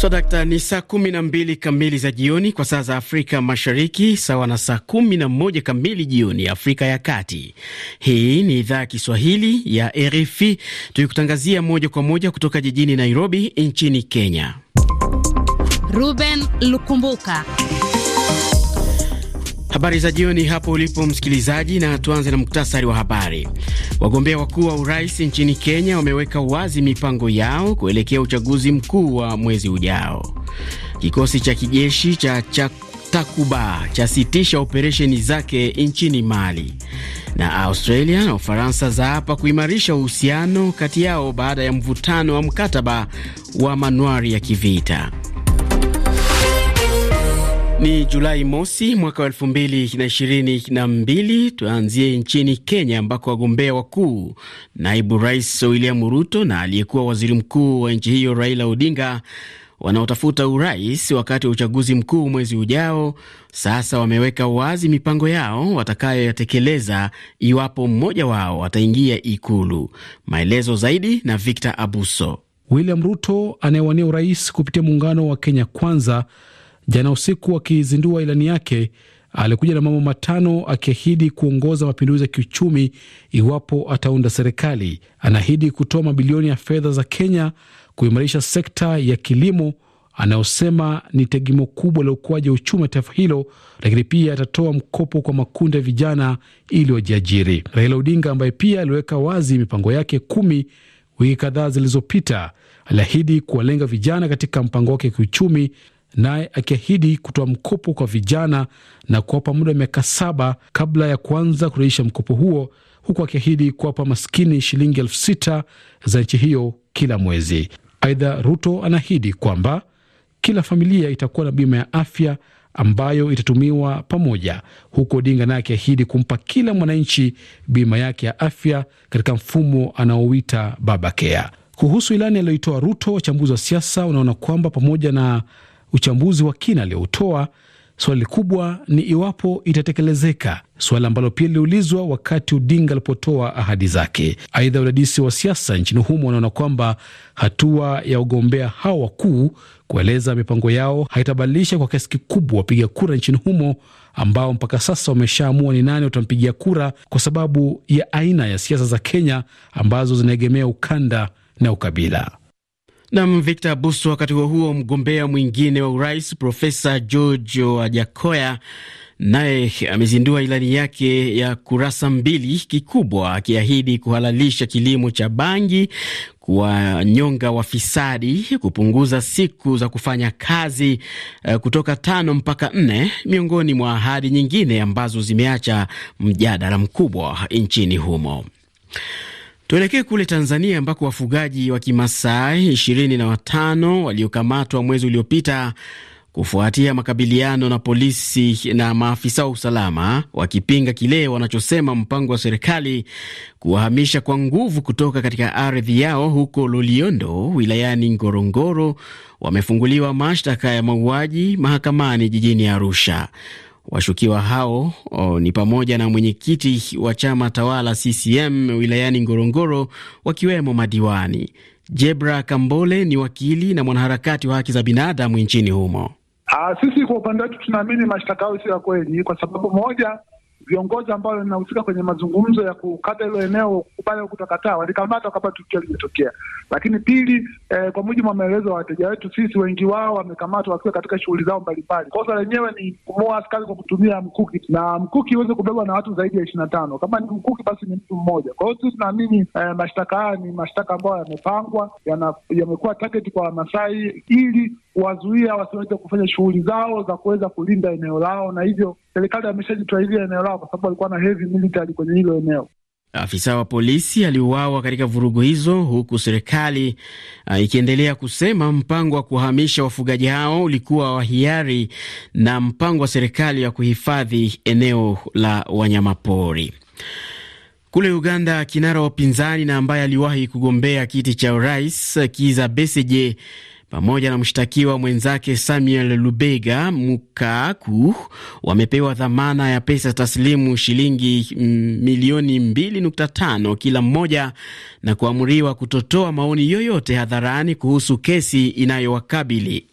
So, dakta, ni saa kumi na mbili kamili za jioni kwa saa za Afrika Mashariki, sawa na saa kumi na moja kamili jioni Afrika ya Kati. Hii ni idhaa ya Kiswahili ya RFI tukikutangazia moja kwa moja kutoka jijini Nairobi nchini Kenya. Ruben Lukumbuka, habari za jioni hapo ulipo msikilizaji, na tuanze na muktasari wa habari. Wagombea wakuu wa urais nchini Kenya wameweka wazi mipango yao kuelekea uchaguzi mkuu wa mwezi ujao. Kikosi cha kijeshi cha, Takuba chasitisha operesheni zake nchini Mali. Na Australia na Ufaransa zaapa kuimarisha uhusiano kati yao baada ya mvutano wa mkataba wa manuari ya kivita. Ni Julai mosi mwaka wa elfu mbili na ishirini na mbili. Tuanzie nchini Kenya ambako wagombea wakuu, naibu rais William Ruto na aliyekuwa waziri mkuu wa nchi hiyo Raila Odinga wanaotafuta urais wakati wa uchaguzi mkuu mwezi ujao, sasa wameweka wazi mipango yao watakayoyatekeleza iwapo mmoja wao ataingia Ikulu. Maelezo zaidi na Victor Abuso. William Ruto anayewania urais kupitia muungano wa Kenya Kwanza Jana usiku akizindua ilani yake, alikuja na mambo matano, akiahidi kuongoza mapinduzi ya kiuchumi iwapo ataunda serikali. Anaahidi kutoa mabilioni ya fedha za Kenya kuimarisha sekta ya kilimo anayosema ni tegemeo kubwa la ukuaji wa uchumi wa taifa hilo, lakini pia atatoa mkopo kwa makundi ya vijana ili wajiajiri. Raila Odinga ambaye pia aliweka wazi mipango yake kumi wiki kadhaa zilizopita, aliahidi kuwalenga vijana katika mpango wake wa kiuchumi naye akiahidi kutoa mkopo kwa vijana na kuwapa muda wa miaka saba kabla ya kuanza kurejesha mkopo huo, huku akiahidi kuwapa maskini shilingi elfu sita za nchi hiyo kila mwezi. Aidha, Ruto anaahidi kwamba kila familia itakuwa na bima ya afya ambayo itatumiwa pamoja, huku Odinga naye akiahidi kumpa kila mwananchi bima yake ya afya katika mfumo anaouita Babakea. Kuhusu ilani aliyoitoa Ruto, wachambuzi wa siasa wanaona kwamba pamoja na uchambuzi wa kina aliyoutoa. Swali kubwa ni iwapo itatekelezeka, suala ambalo pia liliulizwa wakati Odinga alipotoa ahadi zake. Aidha, wadadisi wa siasa nchini humo wanaona kwamba hatua ya wagombea hao wakuu kueleza mipango yao haitabadilisha kwa kiasi kikubwa wapiga kura nchini humo ambao mpaka sasa wameshaamua ni nani watampigia kura, kwa sababu ya aina ya siasa za Kenya ambazo zinaegemea ukanda na ukabila. Nam Victor Buso. Wakati huo huo, mgombea mwingine wa urais Profesa George Wajakoya naye amezindua ilani yake ya kurasa mbili, kikubwa akiahidi kuhalalisha kilimo cha bangi, kuwanyonga wafisadi, kupunguza siku za kufanya kazi uh, kutoka tano mpaka nne, miongoni mwa ahadi nyingine ambazo zimeacha mjadala mkubwa nchini humo. Tuelekee kule Tanzania ambako wafugaji wa Kimasai ishirini na watano waliokamatwa mwezi uliopita kufuatia makabiliano na polisi na maafisa wa usalama wakipinga kile wanachosema mpango wa serikali kuwahamisha kwa nguvu kutoka katika ardhi yao huko Loliondo wilayani Ngorongoro wamefunguliwa mashtaka ya mauaji mahakamani jijini Arusha. Washukiwa hao o, ni pamoja na mwenyekiti wa chama tawala CCM wilayani Ngorongoro, wakiwemo madiwani. Jebra Kambole ni wakili na mwanaharakati wa haki za binadamu nchini humo. Aa, ah, sisi kwa upande wetu tunaamini mashtaka hayo sio ya kweli, kwa sababu moja, viongozi ambao linahusika kwenye mazungumzo ya kukata hilo eneo kubali au kutakataa walikamata wakati tukio limetokea. Lakini pili, eh, kwa mujibu wa maelezo ya wateja wetu sisi, wengi wao wamekamatwa wakiwa katika shughuli zao mbalimbali. Kosa lenyewe ni kumoa askari kwa kutumia mkuki, na mkuki huweze kubebwa na watu zaidi ya ishirini na tano. Kama ni mkuki, basi ni mtu mmoja. Kwa hiyo sisi tunaamini eh, mashtaka haya ni mashtaka ambayo yamepangwa, yamekuwa target kwa Wamasai ili wazuia wasiweze kufanya shughuli zao za kuweza kulinda eneo lao, na hivyo serikali ameshajitwahilia eneo lao kwa sababu walikuwa na heavy military kwenye hilo eneo. Afisa wa polisi aliuawa katika vurugu hizo, huku serikali uh, ikiendelea kusema mpango wa kuhamisha wafugaji hao ulikuwa wa hiari na mpango wa serikali wa kuhifadhi eneo la wanyamapori. Kule Uganda, kinara wa upinzani na ambaye aliwahi kugombea kiti cha urais Kiza Besigye pamoja na mshtakiwa mwenzake Samuel Lubega Mukaku wamepewa dhamana ya pesa taslimu shilingi mm, milioni 2.5 kila mmoja na kuamriwa kutotoa maoni yoyote hadharani kuhusu kesi inayowakabili.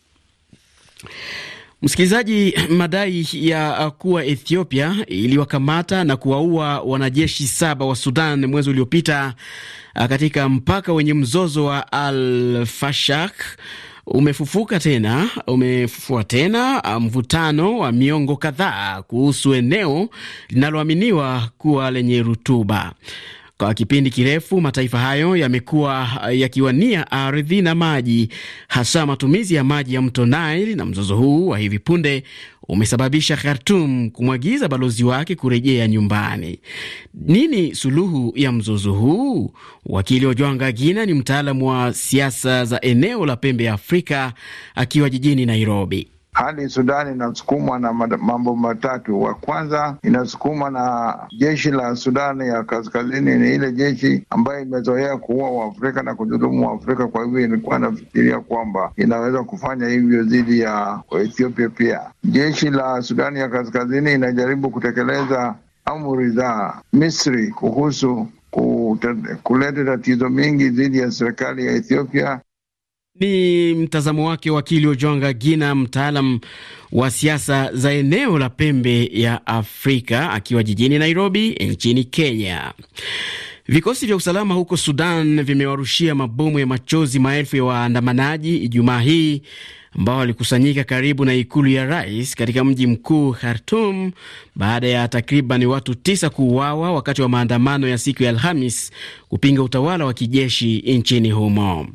Msikilizaji, madai ya kuwa Ethiopia iliwakamata na kuwaua wanajeshi saba wa Sudan mwezi uliopita katika mpaka wenye mzozo wa Al Fashak umefufuka tena, umefufua tena ah, mvutano wa miongo kadhaa kuhusu eneo linaloaminiwa kuwa lenye rutuba. Kwa kipindi kirefu mataifa hayo yamekuwa ah, yakiwania ardhi na maji, hasa matumizi ya maji ya mto Nile, na mzozo huu wa hivi punde umesababisha Khartum kumwagiza balozi wake kurejea nyumbani. Nini suluhu ya mzozo huu? Wakili Ojwanga Gina ni mtaalamu wa siasa za eneo la pembe ya Afrika akiwa jijini Nairobi. Hali Sudani inasukumwa na mambo matatu. Wa kwanza inasukumwa na jeshi la Sudani ya kaskazini, ni ile jeshi ambayo imezoea kuua Waafrika na kudhulumu Waafrika. Kwa hivyo ilikuwa inafikiria kwamba inaweza kufanya hivyo dhidi ya Ethiopia. Pia jeshi la Sudani ya kaskazini inajaribu kutekeleza amri za Misri kuhusu kuleta tatizo mingi dhidi ya serikali ya Ethiopia ni mtazamo wake wakili Ojwanga Gina, mtaalam wa siasa za eneo la pembe ya Afrika, akiwa jijini Nairobi nchini Kenya. Vikosi vya usalama huko Sudan vimewarushia mabomu ya machozi maelfu ya waandamanaji Ijumaa hii ambao walikusanyika karibu na ikulu ya rais katika mji mkuu Khartum baada ya takriban watu tisa kuuawa wakati wa maandamano ya siku ya Alhamis kupinga utawala wa kijeshi nchini humo.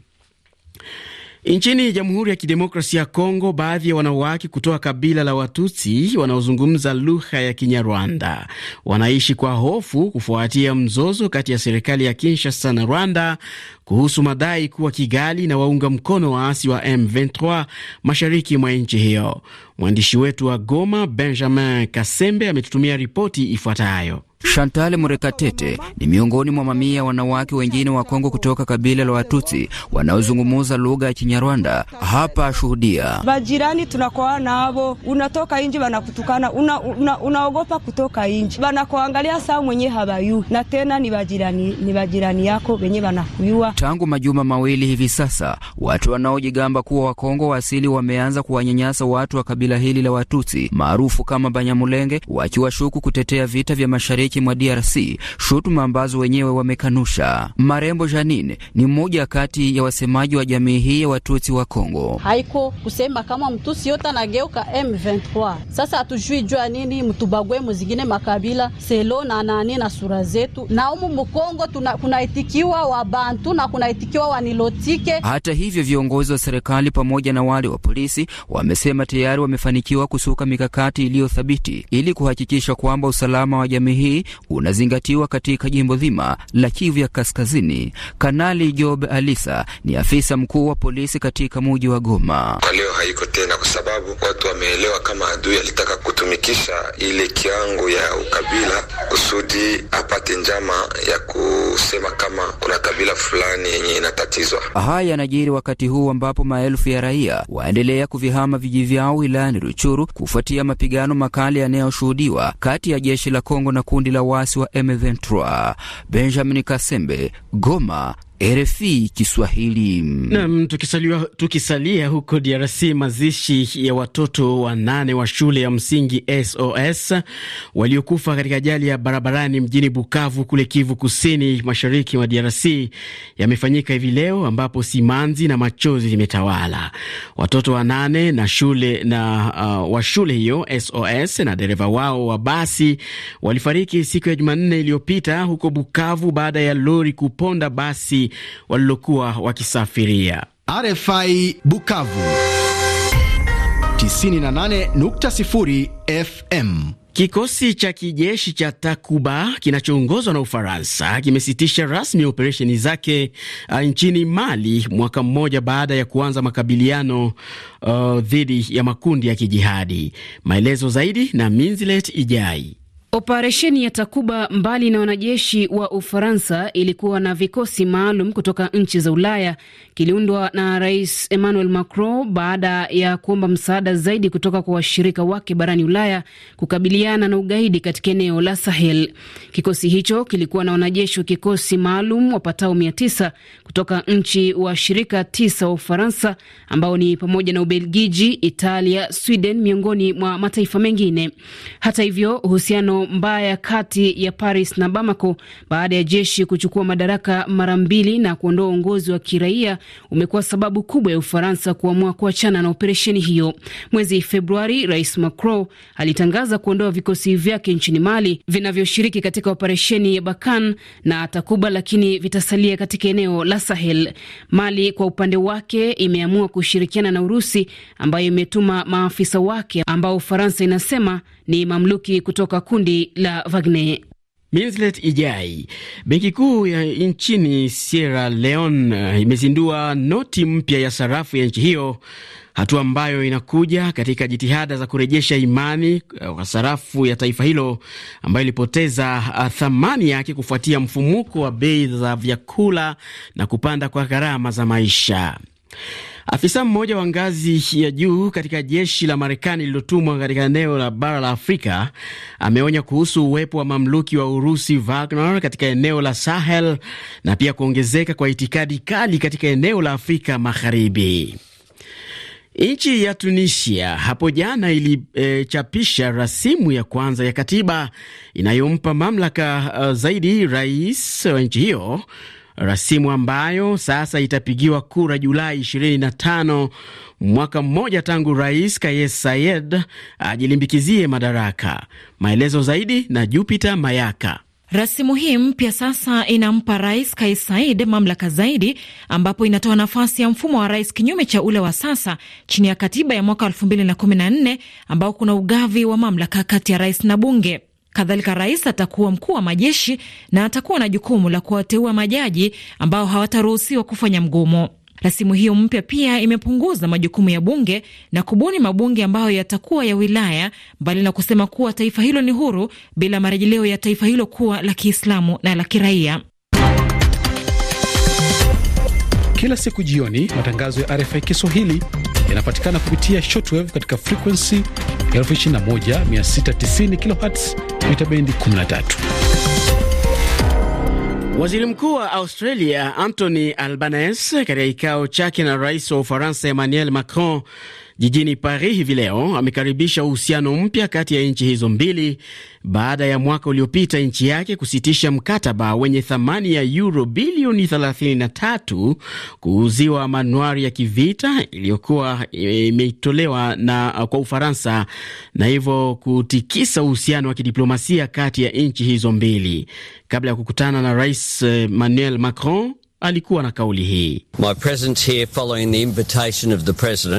Nchini Jamhuri ya Kidemokrasia ya Kongo, baadhi ya wanawake kutoka kabila la Watutsi wanaozungumza lugha ya Kinyarwanda wanaishi kwa hofu kufuatia mzozo kati ya serikali ya Kinshasa na Rwanda kuhusu madai kuwa Kigali na waunga mkono waasi wa M23 mashariki mwa nchi hiyo. Mwandishi wetu wa Goma, Benjamin Kasembe, ametutumia ripoti ifuatayo. Chantal Murekatete ni miongoni mwa mamia wanawake wengine wa Kongo kutoka kabila la Watutsi wanaozungumuza lugha ya Kinyarwanda. Hapa ashuhudia bajirani, tunakoa navo, unatoka inji wanakutukana, unaogopa una, una kutoka inji, wanakuangalia saa mwenye habayu na tena ni bajirani, ni bajirani yako wenye wanakuyua. Tangu majuma mawili hivi sasa, watu wanaojigamba kuwa Wakongo wa asili wameanza kuwanyanyasa watu wa kabila hili la Watutsi maarufu kama Banyamulenge, wakiwashuku kutetea vita vya mashariki mashariki mwa DRC, shutuma ambazo wenyewe wamekanusha. Marembo Janine ni mmoja kati ya wasemaji wa jamii hii ya Watutsi wa Kongo. haiko kusema kama mtusi yote anageuka M23. Sasa hatujui jua nini mtubagwe muzigine makabila selo na nani na sura zetu na umu Mkongo kunaitikiwa bantu na kunaitikiwa Wanilotike. Hata hivyo viongozi wa serikali pamoja na wale wa polisi wamesema tayari wamefanikiwa kusuka mikakati iliyothabiti ili kuhakikisha kwamba usalama wa jamii hii unazingatiwa katika jimbo zima la Kivu ya Kaskazini. Kanali Job Alisa ni afisa mkuu wa polisi katika muji wa Goma. Kwa leo haiko tena, kwa sababu watu wameelewa kama adui alitaka ku kutumikisha ile kiango ya ukabila kusudi apate njama ya kusema kama kuna kabila fulani yenye inatatizwa. Haya yanajiri wakati huu ambapo maelfu ya raia waendelea kuvihama vijiji vyao wilayani Ruchuru kufuatia mapigano makali yanayoshuhudiwa kati ya jeshi la Kongo na kundi la waasi wa M23. Benjamin Kasembe, Goma, RFI Kiswahili. Naam, tukisalia, tukisalia huko DRC, mazishi ya watoto wanane wa shule ya msingi SOS waliokufa katika ajali ya barabarani mjini Bukavu kule Kivu Kusini, mashariki mwa DRC yamefanyika hivi leo, ambapo simanzi na machozi zimetawala. Watoto wanane na shule na uh, wa shule hiyo SOS na dereva wao wa basi walifariki siku ya Jumanne iliyopita huko Bukavu baada ya lori kuponda basi walilokuwa wakisafiria. RFI Bukavu 98.0 FM. Kikosi cha kijeshi cha Takuba kinachoongozwa na Ufaransa kimesitisha rasmi operesheni zake uh, nchini Mali mwaka mmoja baada ya kuanza makabiliano uh, dhidi ya makundi ya kijihadi. Maelezo zaidi na Minzilet Ijai. Operesheni ya Takuba, mbali na wanajeshi wa Ufaransa, ilikuwa na vikosi maalum kutoka nchi za Ulaya. Kiliundwa na Rais Emmanuel Macron baada ya kuomba msaada zaidi kutoka kwa washirika wake barani Ulaya kukabiliana na ugaidi katika eneo la Sahel. Kikosi hicho kilikuwa na wanajeshi wa kikosi maalum wapatao mia tisa kutoka nchi washirika tisa wa Ufaransa, ambao ni pamoja na Ubelgiji, Italia, Sweden, miongoni mwa mataifa mengine. Hata hivyo uhusiano mbaya kati ya Paris na Bamako baada ya jeshi kuchukua madaraka mara mbili na kuondoa uongozi wa kiraia umekuwa sababu kubwa ya Ufaransa kuamua kuachana na operesheni hiyo. Mwezi Februari, Rais Macron alitangaza kuondoa vikosi vyake nchini Mali vinavyoshiriki katika operesheni ya Bakan na Takuba, lakini vitasalia katika eneo la Sahel. Mali kwa upande wake imeamua kushirikiana na Urusi ambayo imetuma maafisa wake ambao Ufaransa inasema ni mamluki kutoka kundi kundi la Wagner. Minslet Ijai. Benki kuu ya nchini Sierra Leone eh, imezindua noti mpya ya sarafu ya nchi hiyo, hatua ambayo inakuja katika jitihada za kurejesha imani kwa eh, sarafu ya taifa hilo ambayo ilipoteza eh, thamani yake kufuatia mfumuko wa bei za vyakula na kupanda kwa gharama za maisha. Afisa mmoja wa ngazi ya juu katika jeshi la Marekani lililotumwa katika eneo la bara la Afrika ameonya kuhusu uwepo wa mamluki wa Urusi Wagner katika eneo la Sahel na pia kuongezeka kwa itikadi kali katika eneo la Afrika Magharibi. Nchi ya Tunisia hapo jana ilichapisha e, rasimu ya kwanza ya katiba inayompa mamlaka uh, zaidi rais wa nchi hiyo rasimu ambayo sasa itapigiwa kura Julai 25, mwaka mmoja tangu Rais Kais Saied ajilimbikizie madaraka. Maelezo zaidi na Jupiter Mayaka. Rasimu hii mpya sasa inampa rais Kais Saied mamlaka zaidi, ambapo inatoa nafasi ya mfumo wa rais kinyume cha ule wa sasa chini ya katiba ya mwaka 2014 ambao kuna ugavi wa mamlaka kati ya rais na bunge. Kadhalika, rais atakuwa mkuu wa majeshi na atakuwa na jukumu la kuwateua majaji ambao hawataruhusiwa kufanya mgomo. Rasimu hiyo mpya pia imepunguza majukumu ya bunge na kubuni mabunge ambayo yatakuwa ya wilaya, mbali na kusema kuwa taifa hilo ni huru bila marejeleo ya taifa hilo kuwa la Kiislamu na la kiraia. Kila siku jioni, matangazo ya RFI Kiswahili yanapatikana kupitia shortwave katika frequency 21690 kilohertz mita bendi 13. Waziri Mkuu wa Australia Anthony Albanese katika kikao chake na rais wa Ufaransa Emmanuel Macron jijini Paris hivi leo amekaribisha uhusiano mpya kati ya nchi hizo mbili baada ya mwaka uliopita nchi yake kusitisha mkataba wenye thamani ya euro bilioni 33 kuuziwa manuari ya kivita iliyokuwa imetolewa na kwa Ufaransa na hivyo kutikisa uhusiano wa kidiplomasia kati ya nchi hizo mbili. Kabla ya kukutana na Rais eh, Emmanuel Macron alikuwa na kauli hii: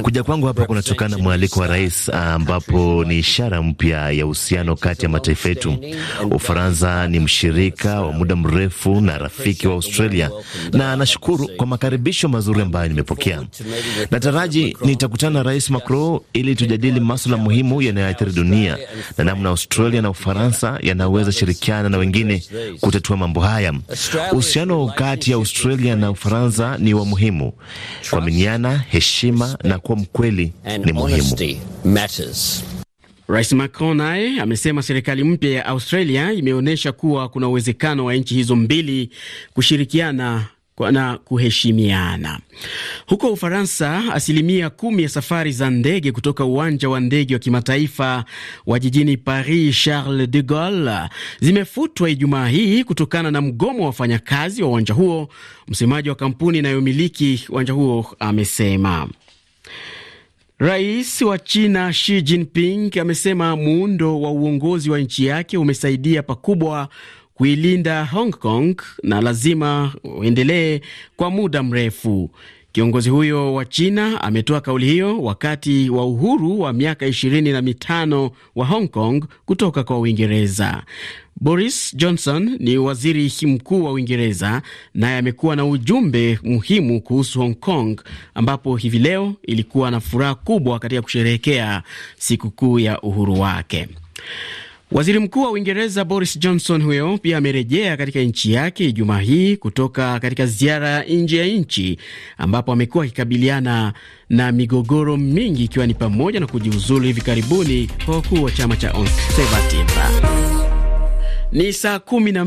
kuja kwangu hapa kunatokana na mwaliko wa rais, ambapo ni ishara mpya ya uhusiano kati ya mataifa yetu. Ufaransa ni mshirika wa muda mrefu na rafiki wa Australia, na nashukuru kwa makaribisho mazuri ambayo nimepokea. Nataraji nitakutana na Rais Macron ili tujadili maswala muhimu yanayoathiri dunia na namna Australia na Ufaransa yanaweza shirikiana na wengine kutatua mambo haya. Uhusiano kati ya Australia Australia na Ufaransa ni wa muhimu. Kuaminiana, heshima na kuwa mkweli ni muhimu. Rais Macron naye amesema serikali mpya ya Australia imeonyesha kuwa kuna uwezekano wa nchi hizo mbili kushirikiana na kuheshimiana. Huko Ufaransa, asilimia kumi ya safari za ndege kutoka uwanja wa ndege wa kimataifa wa jijini Paris Charles de Gaulle zimefutwa Ijumaa hii kutokana na mgomo wa wafanyakazi wa uwanja huo. Msemaji wa kampuni inayomiliki uwanja huo amesema. Rais wa China Xi Jinping amesema muundo wa uongozi wa nchi yake umesaidia pakubwa kuilinda Hong Kong na lazima uendelee kwa muda mrefu. Kiongozi huyo wa China ametoa kauli hiyo wakati wa uhuru wa miaka ishirini na mitano wa Hong Kong kutoka kwa Uingereza. Boris Johnson ni waziri mkuu wa Uingereza, naye amekuwa na ujumbe muhimu kuhusu Hong Kong, ambapo hivi leo ilikuwa na furaha kubwa katika kusherehekea sikukuu ya uhuru wake. Waziri Mkuu wa Uingereza Boris Johnson huyo pia amerejea katika nchi yake Ijumaa hii kutoka katika ziara nje ya nchi ambapo amekuwa akikabiliana na migogoro mingi ikiwa ni pamoja na kujiuzulu hivi karibuni kwa wakuu wa chama cha Conservative. Ni saa kumi na